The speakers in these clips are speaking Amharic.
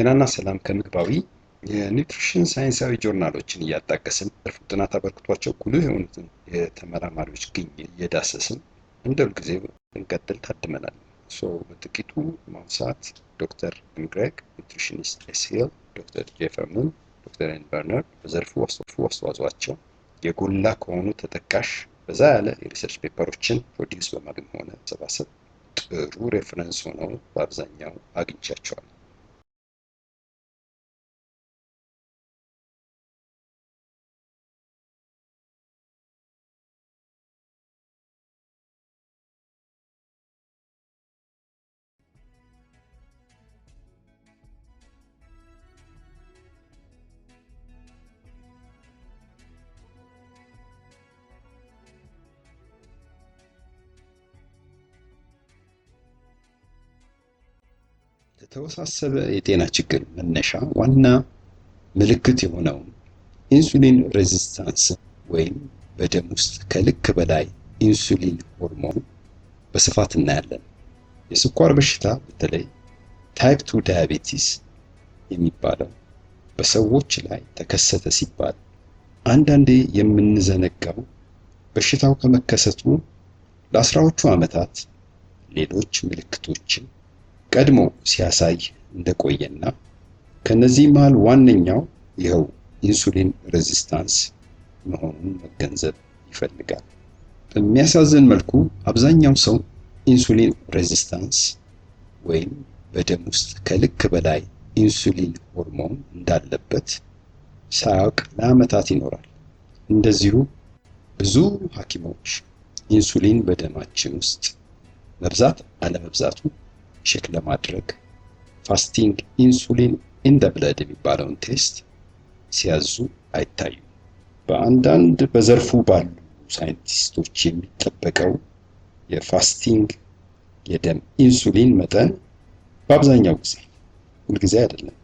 ጤናና ሰላም ከምግባዊ የኒውትሪሽን ሳይንሳዊ ጆርናሎችን እያጣቀስን ዘርፉ ጥናት አበርክቷቸው ጉልህ የሆኑትን የተመራማሪዎች ግኝ እየዳሰስን እንደ ሁልጊዜው እንቀጥል ታድመናል። ሶ በጥቂቱ ማንሳት ዶክተር ንግሬግ ኒውትሪሽኒስት ኤስሂል፣ ዶክተር ጄፈርመን፣ ዶክተር ኤን በርነር በዘርፉ አስተዋጽኦቸው የጎላ ከሆኑ ተጠቃሽ በዛ ያለ የሪሰርች ፔፐሮችን ፕሮዲውስ በማግኘት ሆነ ሰባሰብ ጥሩ ሬፈረንስ ሆነው በአብዛኛው አግኝቻቸዋል። ለተወሳሰበ የጤና ችግር መነሻ ዋና ምልክት የሆነውን ኢንሱሊን ሬዚስታንስ ወይም በደም ውስጥ ከልክ በላይ ኢንሱሊን ሆርሞን በስፋት እናያለን። የስኳር በሽታ በተለይ ታይፕ 2 ዳያቤቲስ የሚባለው በሰዎች ላይ ተከሰተ ሲባል አንዳንዴ የምንዘነጋው በሽታው ከመከሰቱ ለአስራዎቹ ዓመታት ሌሎች ምልክቶችን ቀድሞ ሲያሳይ እንደቆየና ከነዚህ መሃል ዋነኛው ይኸው ኢንሱሊን ሬዚስታንስ መሆኑን መገንዘብ ይፈልጋል። በሚያሳዝን መልኩ አብዛኛው ሰው ኢንሱሊን ሬዚስታንስ ወይም በደም ውስጥ ከልክ በላይ ኢንሱሊን ሆርሞን እንዳለበት ሳያውቅ ለዓመታት ይኖራል። እንደዚሁ ብዙ ሐኪሞች ኢንሱሊን በደማችን ውስጥ መብዛት አለመብዛቱ ቼክ ለማድረግ ፋስቲንግ ኢንሱሊን ኢን ደ ብለድ የሚባለውን ቴስት ሲያዙ አይታዩም። በአንዳንድ በዘርፉ ባሉ ሳይንቲስቶች የሚጠበቀው የፋስቲንግ የደም ኢንሱሊን መጠን በአብዛኛው ጊዜ ሁልጊዜ አይደለም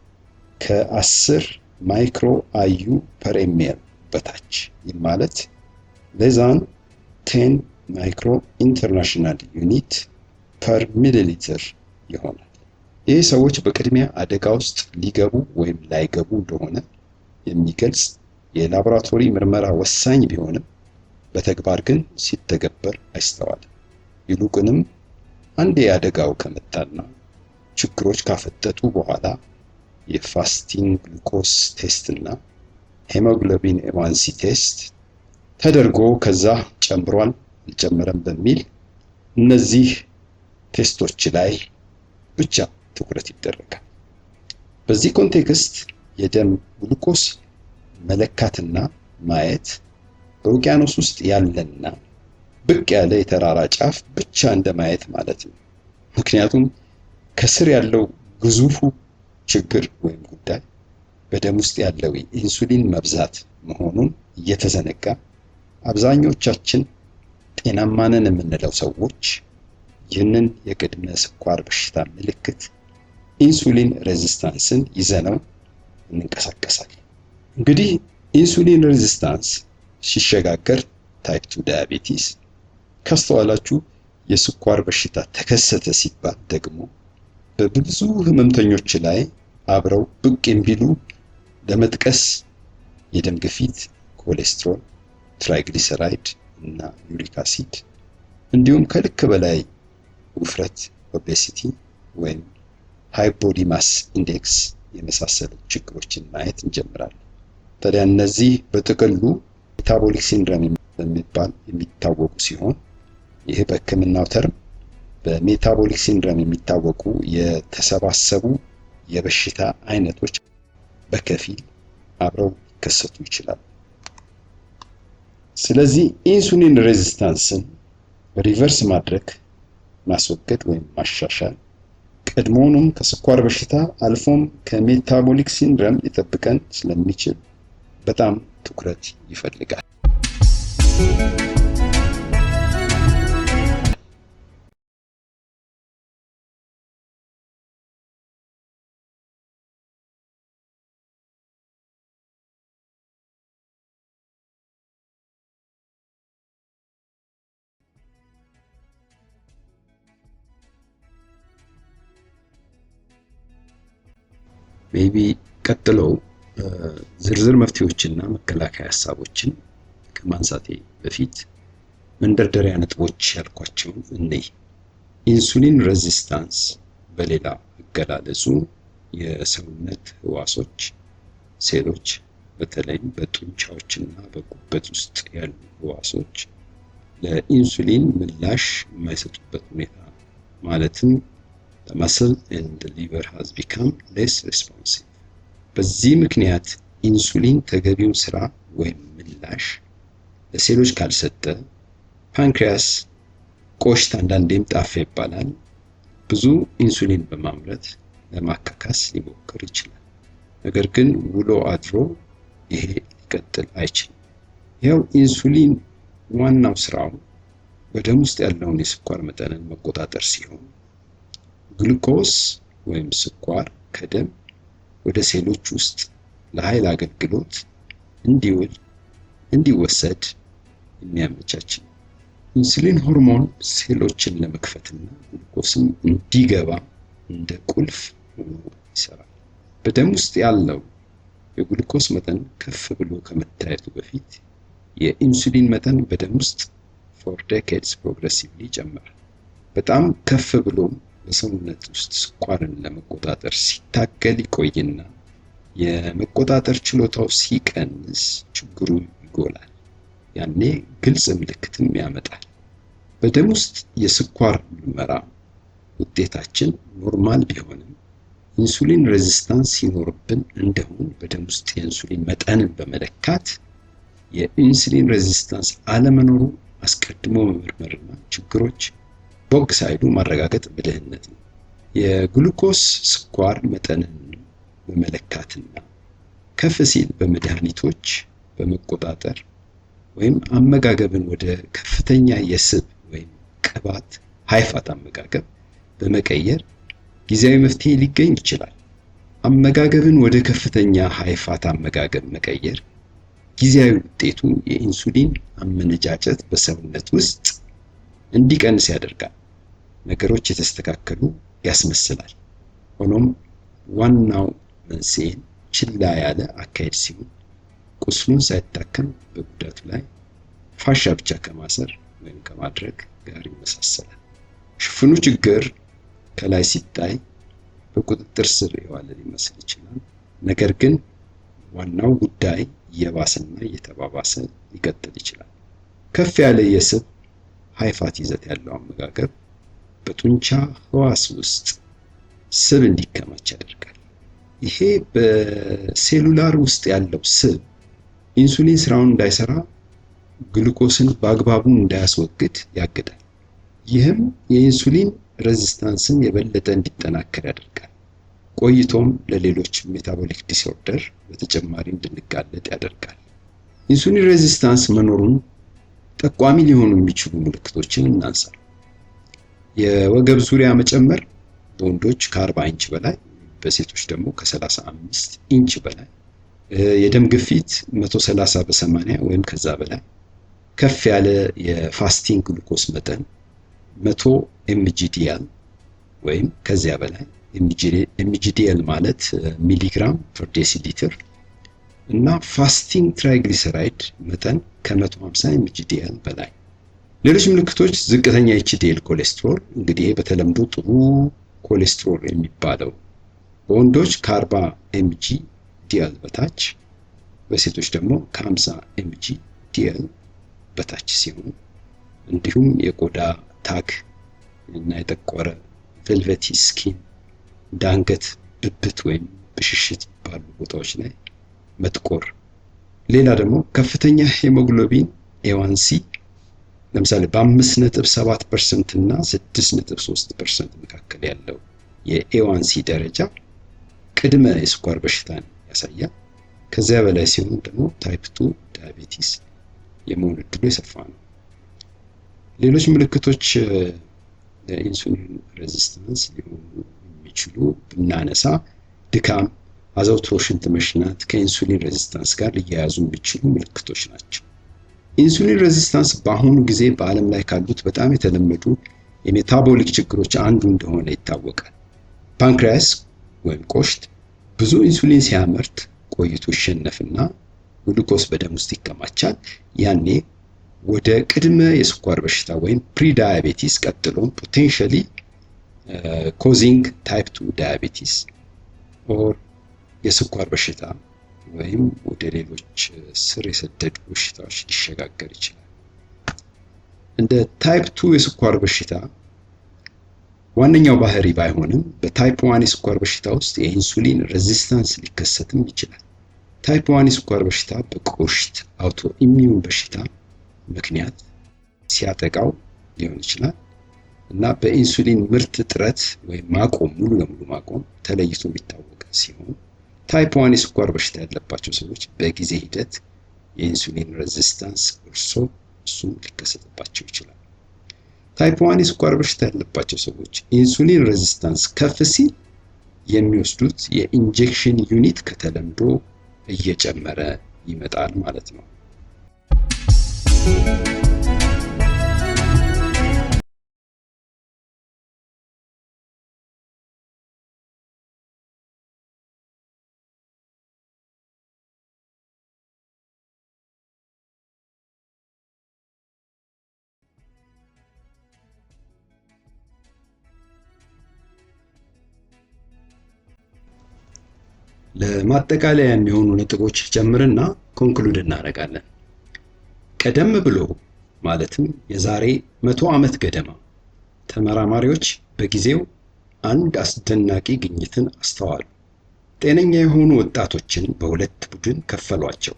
ከአስር ማይክሮ አዩ ፐር ኤምኤል በታች ማለት ሌዛን 10 ማይክሮ ኢንተርናሽናል ዩኒት ፐር ሚሊ ሊትር ይሆናል። ይህ ሰዎች በቅድሚያ አደጋ ውስጥ ሊገቡ ወይም ላይገቡ እንደሆነ የሚገልጽ የላቦራቶሪ ምርመራ ወሳኝ ቢሆንም በተግባር ግን ሲተገበር አይስተዋልም። ይልቁንም አንዴ አደጋው ከመጣና ችግሮች ካፈጠጡ በኋላ የፋስቲንግ ግሉኮስ ቴስት እና ሄሞግሎቢን ኤዋንሲ ቴስት ተደርጎ ከዛ ጨምሯል አልጨመረም በሚል እነዚህ ቴስቶች ላይ ብቻ ትኩረት ይደረጋል። በዚህ ኮንቴክስት የደም ግሉኮስ መለካትና ማየት በውቅያኖስ ውስጥ ያለና ብቅ ያለ የተራራ ጫፍ ብቻ እንደማየት ማለት ነው። ምክንያቱም ከስር ያለው ግዙፉ ችግር ወይም ጉዳይ በደም ውስጥ ያለው ኢንሱሊን መብዛት መሆኑን እየተዘነጋ አብዛኞቻችን ጤናማ ነን የምንለው ሰዎች ይህንን የቅድመ ስኳር በሽታ ምልክት ኢንሱሊን ሬዚስታንስን ይዘነው እንንቀሳቀሳል። እንግዲህ ኢንሱሊን ሬዚስታንስ ሲሸጋገር ታይፕ 2 ዳያቤቲስ ካስተዋላችሁ የስኳር በሽታ ተከሰተ ሲባል ደግሞ በብዙ ህመምተኞች ላይ አብረው ብቅ የሚሉ ለመጥቀስ የደም ግፊት፣ ኮሌስትሮል፣ ትራይግሊሰራይድ እና ዩሪክ አሲድ እንዲሁም ከልክ በላይ ውፍረት ኦቤሲቲ ወይም ሃይ ቦዲ ማስ ኢንዴክስ የመሳሰሉ ችግሮችን ማየት እንጀምራለን። ታዲያ እነዚህ በጥቅሉ ሜታቦሊክ ሲንድረም በሚባል የሚታወቁ ሲሆን ይህ በሕክምናው ተርም በሜታቦሊክ ሲንድረም የሚታወቁ የተሰባሰቡ የበሽታ አይነቶች በከፊል አብረው ሊከሰቱ ይችላሉ። ስለዚህ ኢንሱሊን ሬዚስታንስን ሪቨርስ ማድረግ ማስወገድ ወይም ማሻሻል ቀድሞውንም ከስኳር በሽታ አልፎም ከሜታቦሊክ ሲንድረም ሊጠብቀን ስለሚችል በጣም ትኩረት ይፈልጋል። ሜቢ ቀጥለው ዝርዝር መፍትሄዎችና መከላከያ ሀሳቦችን ከማንሳቴ በፊት መንደርደሪያ ነጥቦች ያልኳቸውን እኔ ኢንሱሊን ሬዚስታንስ በሌላ አገላለጹ የሰውነት ህዋሶች ሴሎች በተለይም በጡንቻዎችና በጉበት ውስጥ ያሉ ህዋሶች ለኢንሱሊን ምላሽ የማይሰጡበት ሁኔታ ማለትም the muscle and the liver has become less responsive በዚህ ምክንያት ኢንሱሊን ተገቢውን ስራ ወይም ምላሽ ለሴሎች ካልሰጠ ፓንክሪያስ ቆሽት አንዳንዴም ጣፋ ይባላል ብዙ ኢንሱሊን በማምረት ለማካካስ ሊሞክር ይችላል። ነገር ግን ውሎ አድሮ ይሄ ሊቀጥል አይችልም። ይኸው ኢንሱሊን ዋናው ስራው በደም ውስጥ ያለውን የስኳር መጠንን መቆጣጠር ሲሆን ግሉኮስ ወይም ስኳር ከደም ወደ ሴሎች ውስጥ ለኃይል አገልግሎት እንዲውል እንዲወሰድ የሚያመቻች ነው። ኢንሱሊን ሆርሞን ሴሎችን ለመክፈትና ግሉኮስን እንዲገባ እንደ ቁልፍ ሆኖ ይሰራል። በደም ውስጥ ያለው የግሉኮስ መጠን ከፍ ብሎ ከመታየቱ በፊት የኢንሱሊን መጠን በደም ውስጥ ፎር ዴኬድስ ፕሮግረሲቭሊ ይጨምራል። በጣም ከፍ ብሎም በሰውነት ውስጥ ስኳርን ለመቆጣጠር ሲታገል ይቆይና የመቆጣጠር ችሎታው ሲቀንስ ችግሩ ይጎላል። ያኔ ግልጽ ምልክትም ያመጣል። በደም ውስጥ የስኳር ምርመራ ውጤታችን ኖርማል ቢሆንም ኢንሱሊን ሬዚስታንስ ሲኖርብን እንደሆን በደም ውስጥ የኢንሱሊን መጠንን በመለካት የኢንሱሊን ሬዚስታንስ አለመኖሩ አስቀድሞ መመርመርና ችግሮች ወግ ሳይሉ ማረጋገጥ ብልህነት ነው። የግሉኮስ ስኳር መጠንን በመለካትና ከፍ ሲል በመድኃኒቶች በመቆጣጠር ወይም አመጋገብን ወደ ከፍተኛ የስብ ወይም ቅባት ሃይፋት አመጋገብ በመቀየር ጊዜያዊ መፍትሄ ሊገኝ ይችላል። አመጋገብን ወደ ከፍተኛ ሃይፋት አመጋገብ መቀየር ጊዜያዊ ውጤቱ የኢንሱሊን አመነጫጨት በሰውነት ውስጥ እንዲቀንስ ያደርጋል። ነገሮች የተስተካከሉ ያስመስላል። ሆኖም ዋናው መንስኤን ችላ ያለ አካሄድ ሲሆን ቁስሉን ሳይታከም በጉዳቱ ላይ ፋሻ ብቻ ከማሰር ወይም ከማድረግ ጋር ይመሳሰላል። ሽፍኑ ችግር ከላይ ሲታይ በቁጥጥር ስር የዋለ ሊመስል ይችላል። ነገር ግን ዋናው ጉዳይ እየባሰና እየተባባሰ ሊቀጥል ይችላል። ከፍ ያለ የስብ ሃይፋት ይዘት ያለው አመጋገብ በጡንቻ ህዋስ ውስጥ ስብ እንዲከማች ያደርጋል። ይሄ በሴሉላር ውስጥ ያለው ስብ ኢንሱሊን ስራውን እንዳይሰራ፣ ግሉኮስን በአግባቡ እንዳያስወግድ ያግዳል። ይህም የኢንሱሊን ሬዚስታንስን የበለጠ እንዲጠናከር ያደርጋል። ቆይቶም ለሌሎች ሜታቦሊክ ዲስኦርደር በተጨማሪ እንድንጋለጥ ያደርጋል። ኢንሱሊን ሬዚስታንስ መኖሩን ጠቋሚ ሊሆኑ የሚችሉ ምልክቶችን እናንሳል። የወገብ ዙሪያ መጨመር በወንዶች ከ40 ኢንች በላይ በሴቶች ደግሞ ከ35 ኢንች በላይ የደም ግፊት 130 በ80 ወይም ከዛ በላይ ከፍ ያለ የፋስቲንግ ግሉኮስ መጠን 100 ኤምጂዲኤል ወይም ከዚያ በላይ ኤምጂዲኤል ማለት ሚሊግራም ፐር ዴሲ ሊትር እና ፋስቲንግ ትራይግሊሰራይድ መጠን ከ150 ኤምጂዲኤል በላይ ሌሎች ምልክቶች ዝቅተኛ ኤችዲኤል ኮሌስትሮል እንግዲህ በተለምዶ ጥሩ ኮሌስትሮል የሚባለው በወንዶች ከ40 ኤምጂ ዲኤል በታች በሴቶች ደግሞ ከ50 ኤምጂ ዲኤል በታች ሲሆን እንዲሁም የቆዳ ታክ እና የጠቆረ ቬልቬቲ ስኪን ዳንገት ብብት ወይም ብሽሽት ባሉ ቦታዎች ላይ መጥቆር ሌላ ደግሞ ከፍተኛ ሄሞግሎቢን ኤዋንሲ ለምሳሌ በአምስት ነጥብ ሰባት ፐርሰንት እና ስድስት ነጥብ ሶስት ፐርሰንት መካከል ያለው የኤዋንሲ ደረጃ ቅድመ የስኳር በሽታን ያሳያል። ከዚያ በላይ ሲሆን ደግሞ ታይፕ ቱ ዳያቤቲስ የመሆን እድሉ የሰፋ ነው። ሌሎች ምልክቶች ለኢንሱሊን ሬዚስታንስ ሊሆኑ የሚችሉ ብናነሳ ድካም፣ አዘውትሮ ሽንት መሽናት ከኢንሱሊን ሬዚስታንስ ጋር ሊያያዙ የሚችሉ ምልክቶች ናቸው። ኢንሱሊን ሬዚስታንስ በአሁኑ ጊዜ በዓለም ላይ ካሉት በጣም የተለመዱ የሜታቦሊክ ችግሮች አንዱ እንደሆነ ይታወቃል። ፓንክሪያስ ወይም ቆሽት ብዙ ኢንሱሊን ሲያመርት ቆይቶ ይሸነፍና ግሉኮስ በደም ውስጥ ይከማቻል። ያኔ ወደ ቅድመ የስኳር በሽታ ወይም ፕሪዳያቤቲስ ቀጥሎም ፖቴንሻሊ ኮዚንግ ታይፕ ቱ ዳያቤቲስ ኦር የስኳር በሽታ ወይም ወደ ሌሎች ስር የሰደዱ በሽታዎች ሊሸጋገር ይችላል። እንደ ታይፕ ቱ የስኳር በሽታ ዋነኛው ባህሪ ባይሆንም በታይፕ ዋን የስኳር በሽታ ውስጥ የኢንሱሊን ሬዚስታንስ ሊከሰትም ይችላል። ታይፕ ዋን የስኳር በሽታ በቆሽት አውቶ ኢሚዩን በሽታ ምክንያት ሲያጠቃው ሊሆን ይችላል እና በኢንሱሊን ምርት እጥረት ወይም ማቆም ሙሉ ለሙሉ ማቆም ተለይቶ የሚታወቅ ሲሆን ታይፕ ዋን የስኳር በሽታ ያለባቸው ሰዎች በጊዜ ሂደት የኢንሱሊን ሬዚስታንስ እርሶ እሱም ሊከሰትባቸው ይችላል። ታይፕ ዋን የስኳር በሽታ ያለባቸው ሰዎች ኢንሱሊን ሬዚስታንስ ከፍ ሲል የሚወስዱት የኢንጀክሽን ዩኒት ከተለምዶ እየጨመረ ይመጣል ማለት ነው። ለማጠቃለያ የሚሆኑ ነጥቦች ጀምርና ኮንክሉድ እናደርጋለን። ቀደም ብሎ ማለትም የዛሬ መቶ ዓመት ገደማ ተመራማሪዎች በጊዜው አንድ አስደናቂ ግኝትን አስተዋሉ። ጤነኛ የሆኑ ወጣቶችን በሁለት ቡድን ከፈሏቸው።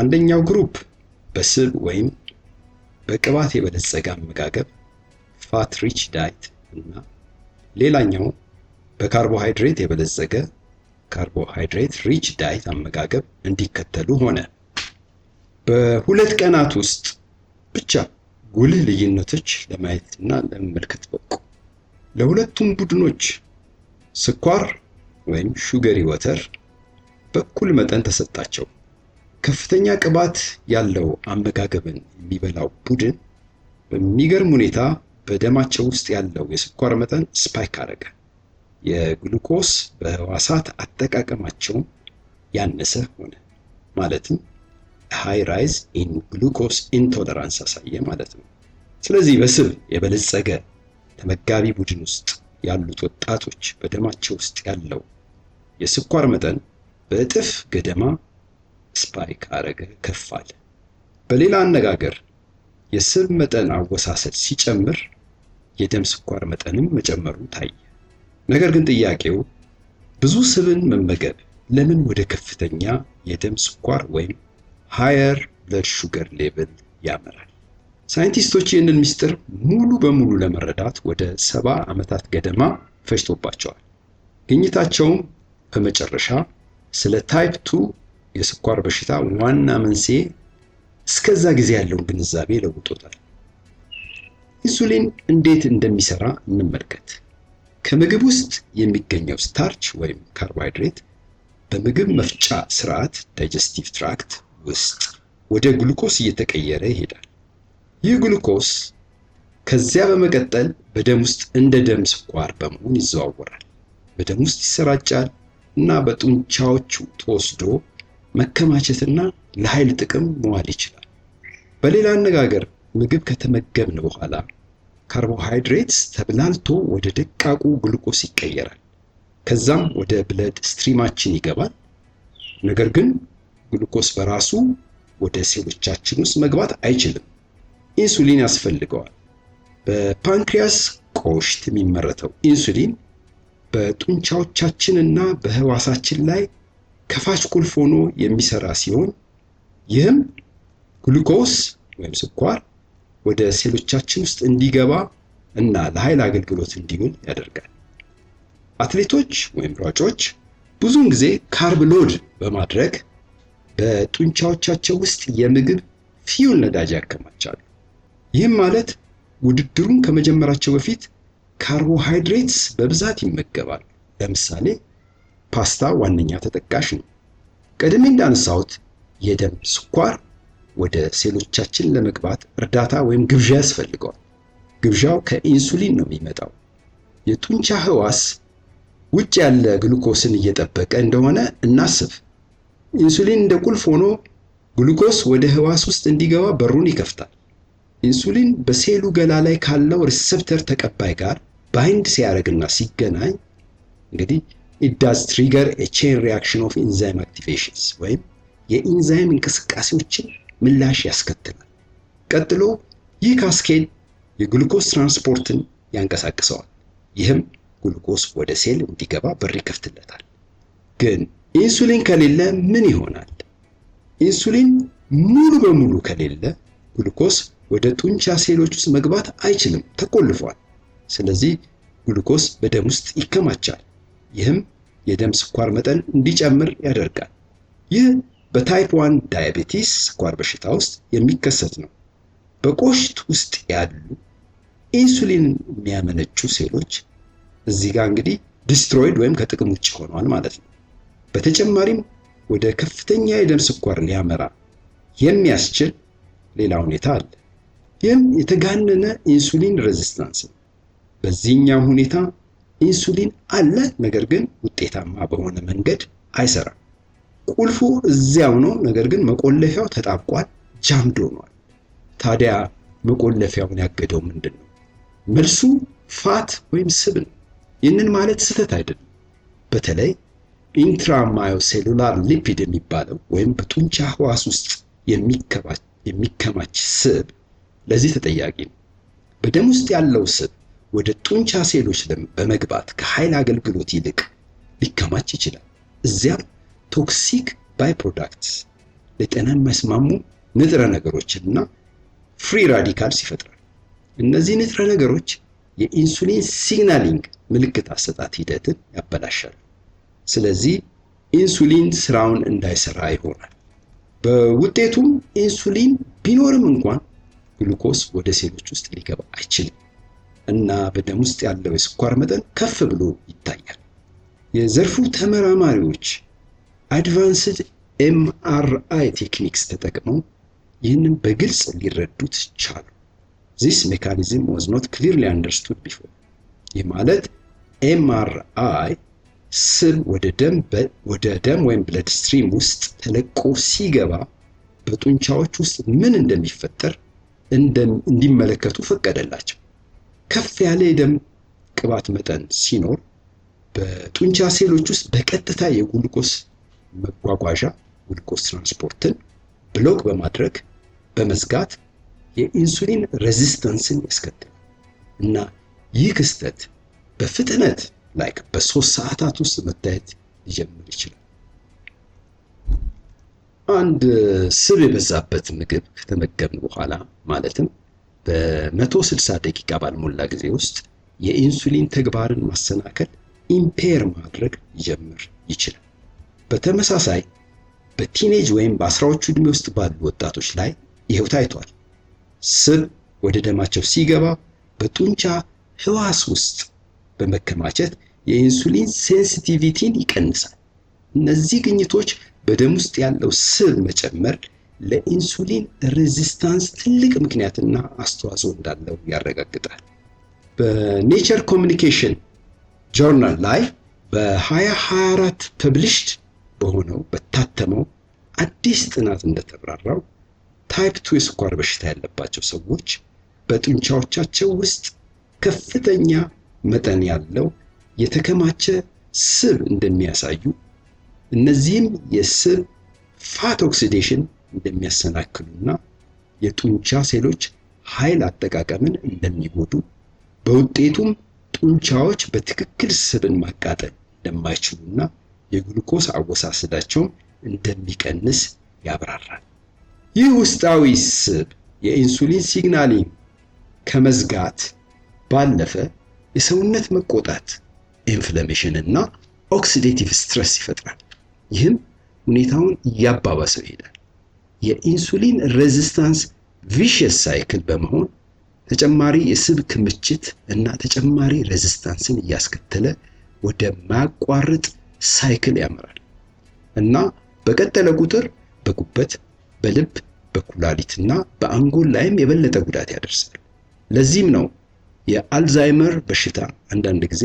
አንደኛው ግሩፕ በስብ ወይም በቅባት የበለጸገ አመጋገብ ፋት ሪች ዳይት እና ሌላኛው በካርቦሃይድሬት የበለጸገ ካርቦሃይድሬት ሪች ዳይት አመጋገብ እንዲከተሉ ሆነ። በሁለት ቀናት ውስጥ ብቻ ጉልህ ልዩነቶች ለማየትና ለመመልከት በቁ። ለሁለቱም ቡድኖች ስኳር ወይም ሹገሪ ወተር በኩል መጠን ተሰጣቸው። ከፍተኛ ቅባት ያለው አመጋገብን የሚበላው ቡድን በሚገርም ሁኔታ በደማቸው ውስጥ ያለው የስኳር መጠን ስፓይክ አደረገ። የግሉኮስ በህዋሳት አጠቃቀማቸው ያነሰ ሆነ። ማለትም ሃይ ራይዝ ኢን ግሉኮስ ኢንቶለራንስ አሳየ ማለት ነው። ስለዚህ በስብ የበለጸገ ተመጋቢ ቡድን ውስጥ ያሉት ወጣቶች በደማቸው ውስጥ ያለው የስኳር መጠን በእጥፍ ገደማ ስፓይክ አረገ፣ ከፍ አለ። በሌላ አነጋገር የስብ መጠን አወሳሰድ ሲጨምር የደም ስኳር መጠንም መጨመሩ ታየ። ነገር ግን ጥያቄው ብዙ ስብን መመገብ ለምን ወደ ከፍተኛ የደም ስኳር ወይም ሃየር ብለድ ሹገር ሌቭል ያመራል? ሳይንቲስቶች ይህንን ምስጢር ሙሉ በሙሉ ለመረዳት ወደ ሰባ ዓመታት ገደማ ፈጅቶባቸዋል። ግኝታቸውም በመጨረሻ ስለ ታይፕ ቱ የስኳር በሽታ ዋና መንስኤ እስከዛ ጊዜ ያለውን ግንዛቤ ለውጦታል። ኢንሱሊን እንዴት እንደሚሰራ እንመልከት። ከምግብ ውስጥ የሚገኘው ስታርች ወይም ካርቦሃይድሬት በምግብ መፍጫ ስርዓት ዳይጀስቲቭ ትራክት ውስጥ ወደ ግሉኮስ እየተቀየረ ይሄዳል። ይህ ግሉኮስ ከዚያ በመቀጠል በደም ውስጥ እንደ ደም ስኳር በመሆን ይዘዋወራል፣ በደም ውስጥ ይሰራጫል እና በጡንቻዎቹ ተወስዶ መከማቸትና ለኃይል ጥቅም መዋል ይችላል። በሌላ አነጋገር ምግብ ከተመገብን በኋላ ካርቦሃይድሬትስ ተብላልቶ ወደ ደቃቁ ግሉኮስ ይቀየራል። ከዛም ወደ ብለድ ስትሪማችን ይገባል። ነገር ግን ግሉኮስ በራሱ ወደ ሴሎቻችን ውስጥ መግባት አይችልም። ኢንሱሊን ያስፈልገዋል። በፓንክሪያስ ቆሽት የሚመረተው ኢንሱሊን በጡንቻዎቻችን እና በህዋሳችን ላይ ከፋች ቁልፍ ሆኖ የሚሰራ ሲሆን ይህም ግሉኮስ ወይም ስኳር ወደ ሴሎቻችን ውስጥ እንዲገባ እና ለኃይል አገልግሎት እንዲውል ያደርጋል። አትሌቶች ወይም ሯጮች ብዙውን ጊዜ ካርብ ሎድ በማድረግ በጡንቻዎቻቸው ውስጥ የምግብ ፊውል ነዳጅ ያከማቻሉ። ይህም ማለት ውድድሩን ከመጀመራቸው በፊት ካርቦሃይድሬትስ በብዛት ይመገባል። ለምሳሌ ፓስታ ዋነኛ ተጠቃሽ ነው። ቀደም እንዳነሳሁት የደም ስኳር ወደ ሴሎቻችን ለመግባት እርዳታ ወይም ግብዣ ያስፈልገዋል። ግብዣው ከኢንሱሊን ነው የሚመጣው። የጡንቻ ህዋስ ውጭ ያለ ግሉኮስን እየጠበቀ እንደሆነ እናስብ። ኢንሱሊን እንደ ቁልፍ ሆኖ ግሉኮስ ወደ ህዋስ ውስጥ እንዲገባ በሩን ይከፍታል። ኢንሱሊን በሴሉ ገላ ላይ ካለው ሪሴፕተር ተቀባይ ጋር ባይንድ ሲያደርግና ሲገናኝ እንግዲህ ኢዳዝ ትሪገር ቼን ሪያክሽን ኦፍ ኢንዛይም አክቲቬሽንስ ወይም የኢንዛይም እንቅስቃሴዎችን ምላሽ ያስከትላል። ቀጥሎ ይህ ካስኬድ የግሉኮስ ትራንስፖርትን ያንቀሳቅሰዋል። ይህም ግሉኮስ ወደ ሴል እንዲገባ በር ይከፍትለታል። ግን ኢንሱሊን ከሌለ ምን ይሆናል? ኢንሱሊን ሙሉ በሙሉ ከሌለ ግሉኮስ ወደ ጡንቻ ሴሎች ውስጥ መግባት አይችልም፣ ተቆልፏል። ስለዚህ ግሉኮስ በደም ውስጥ ይከማቻል። ይህም የደም ስኳር መጠን እንዲጨምር ያደርጋል። ይህ በታይፕ 1 ዳያቤቲስ ስኳር በሽታ ውስጥ የሚከሰት ነው። በቆሽት ውስጥ ያሉ ኢንሱሊን የሚያመነጩ ሴሎች እዚህ ጋር እንግዲህ ዲስትሮይድ ወይም ከጥቅም ውጭ ሆነዋል ማለት ነው። በተጨማሪም ወደ ከፍተኛ የደም ስኳር ሊያመራ የሚያስችል ሌላ ሁኔታ አለ። ይህም የተጋነነ ኢንሱሊን ሬዚስታንስ ነው። በዚህኛው ሁኔታ ኢንሱሊን አለ፣ ነገር ግን ውጤታማ በሆነ መንገድ አይሰራም። ቁልፉ እዚያው ነው፣ ነገር ግን መቆለፊያው ተጣብቋል፣ ጃምድ ሆኗል። ታዲያ መቆለፊያውን ያገደው ምንድን ነው? መልሱ ፋት ወይም ስብ ነው። ይህንን ማለት ስህተት አይደለም። በተለይ ኢንትራማዮሴሉላር ሊፒድ የሚባለው ወይም በጡንቻ ህዋስ ውስጥ የሚከማች ስብ ለዚህ ተጠያቂ ነው። በደም ውስጥ ያለው ስብ ወደ ጡንቻ ሴሎች በመግባት ከኃይል አገልግሎት ይልቅ ሊከማች ይችላል። እዚያም ቶክሲክ ባይ ፕሮዳክትስ ለጤና የማይስማሙ ንጥረ ነገሮችንና ፍሪ ራዲካልስ ይፈጥራል። እነዚህ ንጥረ ነገሮች የኢንሱሊን ሲግናሊንግ ምልክት አሰጣት ሂደትን ያበላሻሉ። ስለዚህ ኢንሱሊን ስራውን እንዳይሰራ ይሆናል። በውጤቱም ኢንሱሊን ቢኖርም እንኳን ግሉኮስ ወደ ሴሎች ውስጥ ሊገባ አይችልም እና በደም ውስጥ ያለው የስኳር መጠን ከፍ ብሎ ይታያል። የዘርፉ ተመራማሪዎች አድቫንስድ ኤምአርአይ ቴክኒክስ ተጠቅመው ይህንን በግልጽ ሊረዱት ቻሉ። ዚስ ሜካኒዝም ዋዝ ኖት ክሊርሊ አንደርስቱድ ቢፎር። ይህ ማለት ኤምአርአይ ስብ ወደ ደም ወይም ብለድ ስትሪም ውስጥ ተለቆ ሲገባ በጡንቻዎች ውስጥ ምን እንደሚፈጠር እንዲመለከቱ ፈቀደላቸው። ከፍ ያለ የደም ቅባት መጠን ሲኖር በጡንቻ ሴሎች ውስጥ በቀጥታ የጉልኮስ መጓጓዣ ግሉኮስ ትራንስፖርትን ብሎክ በማድረግ በመዝጋት የኢንሱሊን ሬዚስተንስን ያስከትላል እና ይህ ክስተት በፍጥነት ላይክ በሶስት ሰዓታት ውስጥ መታየት ሊጀምር ይችላል። አንድ ስብ የበዛበት ምግብ ከተመገብን በኋላ ማለትም በ160 ደቂቃ ባልሞላ ጊዜ ውስጥ የኢንሱሊን ተግባርን ማሰናከል ኢምፔር ማድረግ ሊጀምር ይችላል። በተመሳሳይ በቲኔጅ ወይም በአስራዎቹ ዕድሜ ውስጥ ባሉ ወጣቶች ላይ ይኸው ታይቷል። ስብ ወደ ደማቸው ሲገባ በጡንቻ ህዋስ ውስጥ በመከማቸት የኢንሱሊን ሴንሲቲቪቲን ይቀንሳል። እነዚህ ግኝቶች በደም ውስጥ ያለው ስብ መጨመር ለኢንሱሊን ሬዚስታንስ ትልቅ ምክንያትና አስተዋጽኦ እንዳለው ያረጋግጣል። በኔቸር ኮሚኒኬሽን ጆርናል ላይ በ2024 ፐብሊሽድ በሆነው በታተመው አዲስ ጥናት እንደተብራራው ታይፕ ቱ የስኳር በሽታ ያለባቸው ሰዎች በጡንቻዎቻቸው ውስጥ ከፍተኛ መጠን ያለው የተከማቸ ስብ እንደሚያሳዩ እነዚህም የስብ ፋት ኦክሲዴሽን እንደሚያሰናክሉና የጡንቻ ሴሎች ኃይል አጠቃቀምን እንደሚጎዱ በውጤቱም ጡንቻዎች በትክክል ስብን ማቃጠል እንደማይችሉና የግሉኮስ አወሳሰዳቸው እንደሚቀንስ ያብራራል። ይህ ውስጣዊ ስብ የኢንሱሊን ሲግናሊንግ ከመዝጋት ባለፈ የሰውነት መቆጣት ኢንፍላሜሽን እና ኦክሲዴቲቭ ስትረስ ይፈጥራል። ይህም ሁኔታውን እያባባሰው ይሄዳል። የኢንሱሊን ሬዚስታንስ ቪሸስ ሳይክል በመሆን ተጨማሪ የስብ ክምችት እና ተጨማሪ ሬዚስታንስን እያስከተለ ወደ ማያቋርጥ ሳይክል ያመራል እና በቀጠለ ቁጥር በጉበት፣ በልብ፣ በኩላሊት እና በአንጎል ላይም የበለጠ ጉዳት ያደርሳል። ለዚህም ነው የአልዛይመር በሽታ አንዳንድ ጊዜ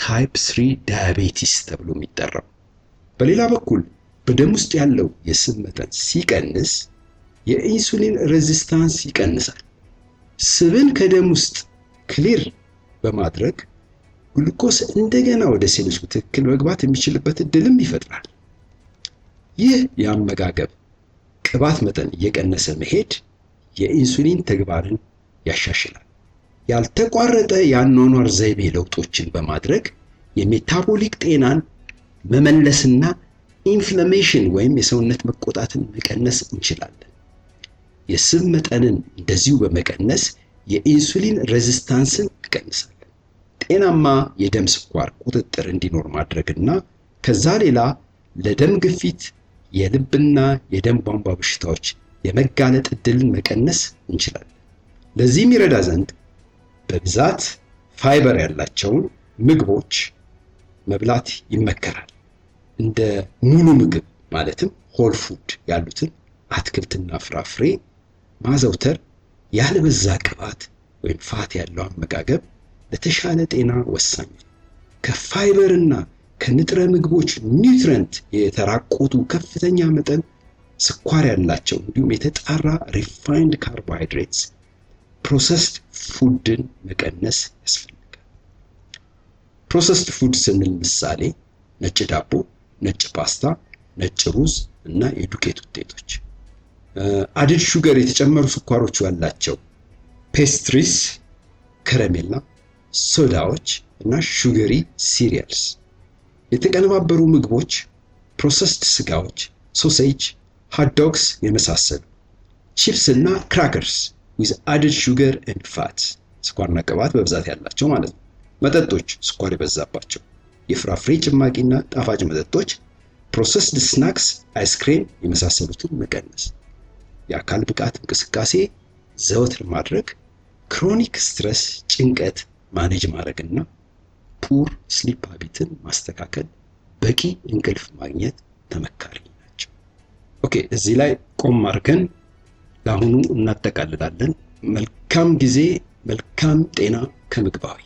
ታይፕ 3 ዳያቤቲስ ተብሎ የሚጠራው። በሌላ በኩል በደም ውስጥ ያለው የስብ መጠን ሲቀንስ የኢንሱሊን ሬዚስታንስ ይቀንሳል። ስብን ከደም ውስጥ ክሊር በማድረግ ግሉኮስ እንደገና ወደ ሴሎች ትክክል መግባት የሚችልበት እድልም ይፈጥራል። ይህ የአመጋገብ ቅባት መጠን እየቀነሰ መሄድ የኢንሱሊን ተግባርን ያሻሽላል። ያልተቋረጠ የአኗኗር ዘይቤ ለውጦችን በማድረግ የሜታቦሊክ ጤናን መመለስና ኢንፍላሜሽን ወይም የሰውነት መቆጣትን መቀነስ እንችላለን። የስብ መጠንን እንደዚሁ በመቀነስ የኢንሱሊን ሬዚስታንስን ይቀንሳል። ጤናማ የደም ስኳር ቁጥጥር እንዲኖር ማድረግና ከዛ ሌላ ለደም ግፊት፣ የልብና የደም ቧንቧ በሽታዎች የመጋለጥ እድልን መቀነስ እንችላለን። ለዚህም ይረዳ ዘንድ በብዛት ፋይበር ያላቸውን ምግቦች መብላት ይመከራል። እንደ ሙሉ ምግብ ማለትም ሆል ፉድ ያሉትን አትክልትና ፍራፍሬ ማዘውተር፣ ያልበዛ ቅባት ወይም ፋት ያለው አመጋገብ ለተሻለ ጤና ወሳኝ ነው። ከፋይበርና ከንጥረ ምግቦች ኒውትረንት የተራቆቱ ከፍተኛ መጠን ስኳር ያላቸው እንዲሁም የተጣራ ሪፋይንድ ካርቦሃይድሬትስ ፕሮሰስድ ፉድን መቀነስ ያስፈልጋል። ፕሮሰስድ ፉድ ስንል ምሳሌ ነጭ ዳቦ፣ ነጭ ፓስታ፣ ነጭ ሩዝ እና የዱቄት ውጤቶች፣ አድድ ሹገር የተጨመሩ ስኳሮች ያላቸው ፔስትሪስ፣ ከረሜላ ሶዳዎች እና ሹገሪ ሲሪያልስ፣ የተቀነባበሩ ምግቦች፣ ፕሮሰስድ ስጋዎች፣ ሶሴጅ፣ ሃትዶግስ የመሳሰሉ፣ ቺፕስ እና ክራከርስ ዊዝ አድድ ሹገር ኤንድ ፋት፣ ስኳርና ቅባት በብዛት ያላቸው ማለት ነው። መጠጦች፣ ስኳር የበዛባቸው፣ የፍራፍሬ ጭማቂና ጣፋጭ መጠጦች፣ ፕሮሰስድ ስናክስ፣ አይስክሬም የመሳሰሉትን መቀነስ። የአካል ብቃት እንቅስቃሴ ዘወትር ማድረግ፣ ክሮኒክ ስትረስ ጭንቀት ማኔጅ ማድረግ እና ፑር ስሊፕ ሀቢትን ማስተካከል በቂ እንቅልፍ ማግኘት ተመካሪ ናቸው። ኦኬ እዚህ ላይ ቆም አድርገን ለአሁኑ እናጠቃልላለን። መልካም ጊዜ፣ መልካም ጤና ከምግባዊ